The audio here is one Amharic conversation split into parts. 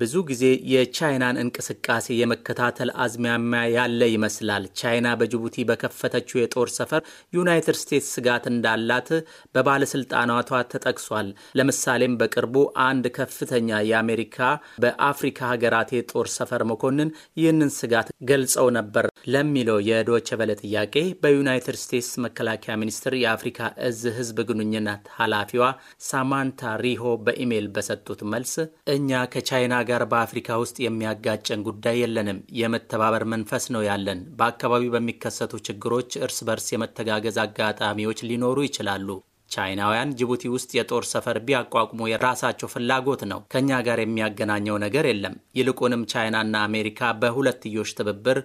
ብዙ ጊዜ የቻይናን እንቅስቃሴ የመከታተል አዝማሚያ ያለ ይመስላል። ቻይና በጅቡቲ በከፈተችው የጦር ሰፈር ዩናይትድ ስቴትስ ስጋት እንዳላት በባለስልጣናቷ ተጠቅሷል። ለምሳሌም በቅርቡ አንድ ከፍተኛ የአሜሪካ በአፍሪካ ሀገራት የጦር ሰፈር መኮንን ይህንን ስጋት ገልጸው ነበር ለሚለው የዶቸበለ ጥያቄ በዩናይትድ ስቴትስ መከላከያ ሚኒስትር የአፍሪካ እዝ ህዝብ ግንኙነት ኃላፊዋ ሳማንታ ሪሆ በኢሜይል በሰጡት መልስ እኛ ከቻይና ጋር በአፍሪካ ውስጥ የሚያጋጨን ጉዳይ የለንም። የመተባበር መንፈስ ነው ያለን። በአካባቢው በሚከሰቱ ችግሮች እርስ በርስ የመተጋገዝ አጋጣሚዎች ሊኖሩ ይችላሉ። ቻይናውያን ጅቡቲ ውስጥ የጦር ሰፈር ቢያቋቁሙ የራሳቸው ፍላጎት ነው። ከእኛ ጋር የሚያገናኘው ነገር የለም። ይልቁንም ቻይናና አሜሪካ በሁለትዮሽ ትብብር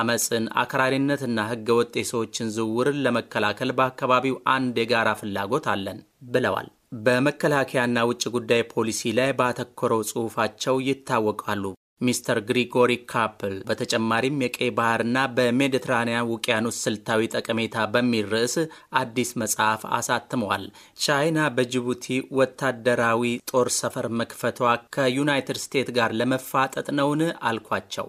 አመፅን፣ አክራሪነትና ህገወጥ የሰዎችን ዝውውርን ለመከላከል በአካባቢው አንድ የጋራ ፍላጎት አለን ብለዋል። በመከላከያና ውጭ ጉዳይ ፖሊሲ ላይ ባተኮረው ጽሑፋቸው ይታወቃሉ። ሚስተር ግሪጎሪ ካፕል በተጨማሪም የቀይ ባህርና በሜዲትራኒያን ውቅያኖስ ስልታዊ ጠቀሜታ በሚል ርዕስ አዲስ መጽሐፍ አሳትመዋል። ቻይና በጅቡቲ ወታደራዊ ጦር ሰፈር መክፈቷ ከዩናይትድ ስቴትስ ጋር ለመፋጠጥ ነውን? አልኳቸው።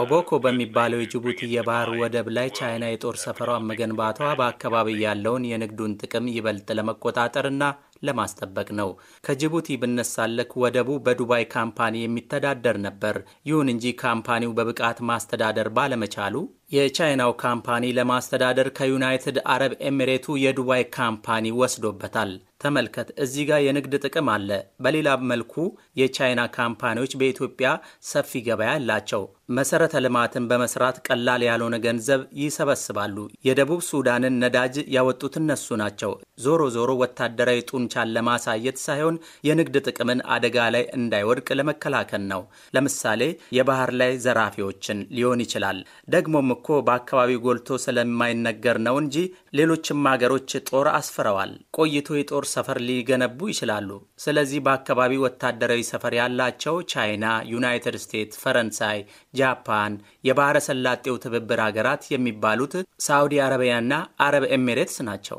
ኦቦኮ በሚባለው የጅቡቲ የባህር ወደብ ላይ ቻይና የጦር ሰፈሯን መገንባቷ በአካባቢ ያለውን የንግዱን ጥቅም ይበልጥ ለመቆጣጠርና ለማስጠበቅ ነው። ከጅቡቲ ብነሳለክ ወደቡ በዱባይ ካምፓኒ የሚተዳደር ነበር። ይሁን እንጂ ካምፓኒው በብቃት ማስተዳደር ባለመቻሉ የቻይናው ካምፓኒ ለማስተዳደር ከዩናይትድ አረብ ኤሚሬቱ የዱባይ ካምፓኒ ወስዶበታል። ተመልከት እዚህ ጋር የንግድ ጥቅም አለ። በሌላ መልኩ የቻይና ካምፓኒዎች በኢትዮጵያ ሰፊ ገበያ አላቸው። መሰረተ ልማትን በመስራት ቀላል ያልሆነ ገንዘብ ይሰበስባሉ። የደቡብ ሱዳንን ነዳጅ ያወጡት እነሱ ናቸው። ዞሮ ዞሮ ወታደራዊ ጡንቻን ለማሳየት ሳይሆን የንግድ ጥቅምን አደጋ ላይ እንዳይወድቅ ለመከላከል ነው። ለምሳሌ የባህር ላይ ዘራፊዎችን ሊሆን ይችላል። ደግሞም እኮ በአካባቢው ጎልቶ ስለማይነገር ነው እንጂ ሌሎችም ሀገሮች ጦር አስፍረዋል። ቆይቶ የጦር ሰፈር ሊገነቡ ይችላሉ። ስለዚህ በአካባቢ ወታደራዊ ሰፈር ያላቸው ቻይና፣ ዩናይትድ ስቴትስ፣ ፈረንሳይ፣ ጃፓን፣ የባህረ ሰላጤው ትብብር ሀገራት የሚባሉት ሳውዲ አረቢያና አረብ ኤሚሬትስ ናቸው።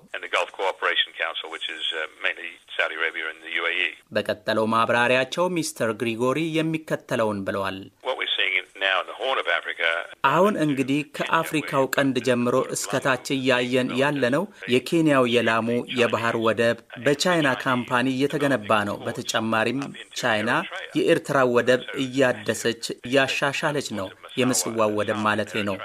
uh, e. በቀጠለው ማብራሪያቸው ሚስተር ግሪጎሪ የሚከተለውን ብለዋል። አሁን እንግዲህ ከአፍሪካው ቀንድ ጀምሮ እስከታች እያየን ያለነው የኬንያው የላሙ የባህር ወደብ በቻይና ካምፓኒ እየተገነባ ነው። በተጨማሪም ቻይና የኤርትራ ወደብ እያደሰች እያሻሻለች ነው። የምጽዋው ወደብ ማለቴ ነው።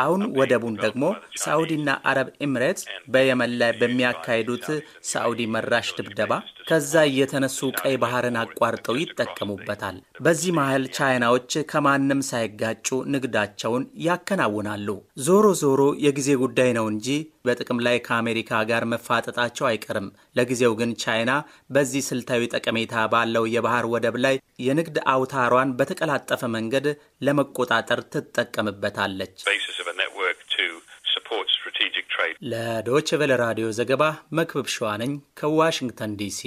አሁን ወደቡን ደግሞ ሳዑዲና አረብ ኤምሬትስ በየመን ላይ በሚያካሂዱት ሳዑዲ መራሽ ድብደባ ከዛ እየተነሱ ቀይ ባህርን አቋርጠው ይጠቀሙበታል። በዚህ መሀል ቻይናዎች ከማንም ሳይጋጩ ንግዳቸውን ያከናውናሉ። ዞሮ ዞሮ የጊዜ ጉዳይ ነው እንጂ በጥቅም ላይ ከአሜሪካ ጋር መፋጠጣቸው አይቀርም። ለጊዜው ግን ቻይና በዚህ ስልታዊ ጠቀሜታ ባለው የባህር ወደብ ላይ የንግድ አውታሯን በተቀላጠፈ መንገድ ለመቆጣጠር ትጠቀምበታለች። ለዶች ቨለ ራዲዮ ዘገባ መክብብ ሸዋነኝ ከዋሽንግተን ዲሲ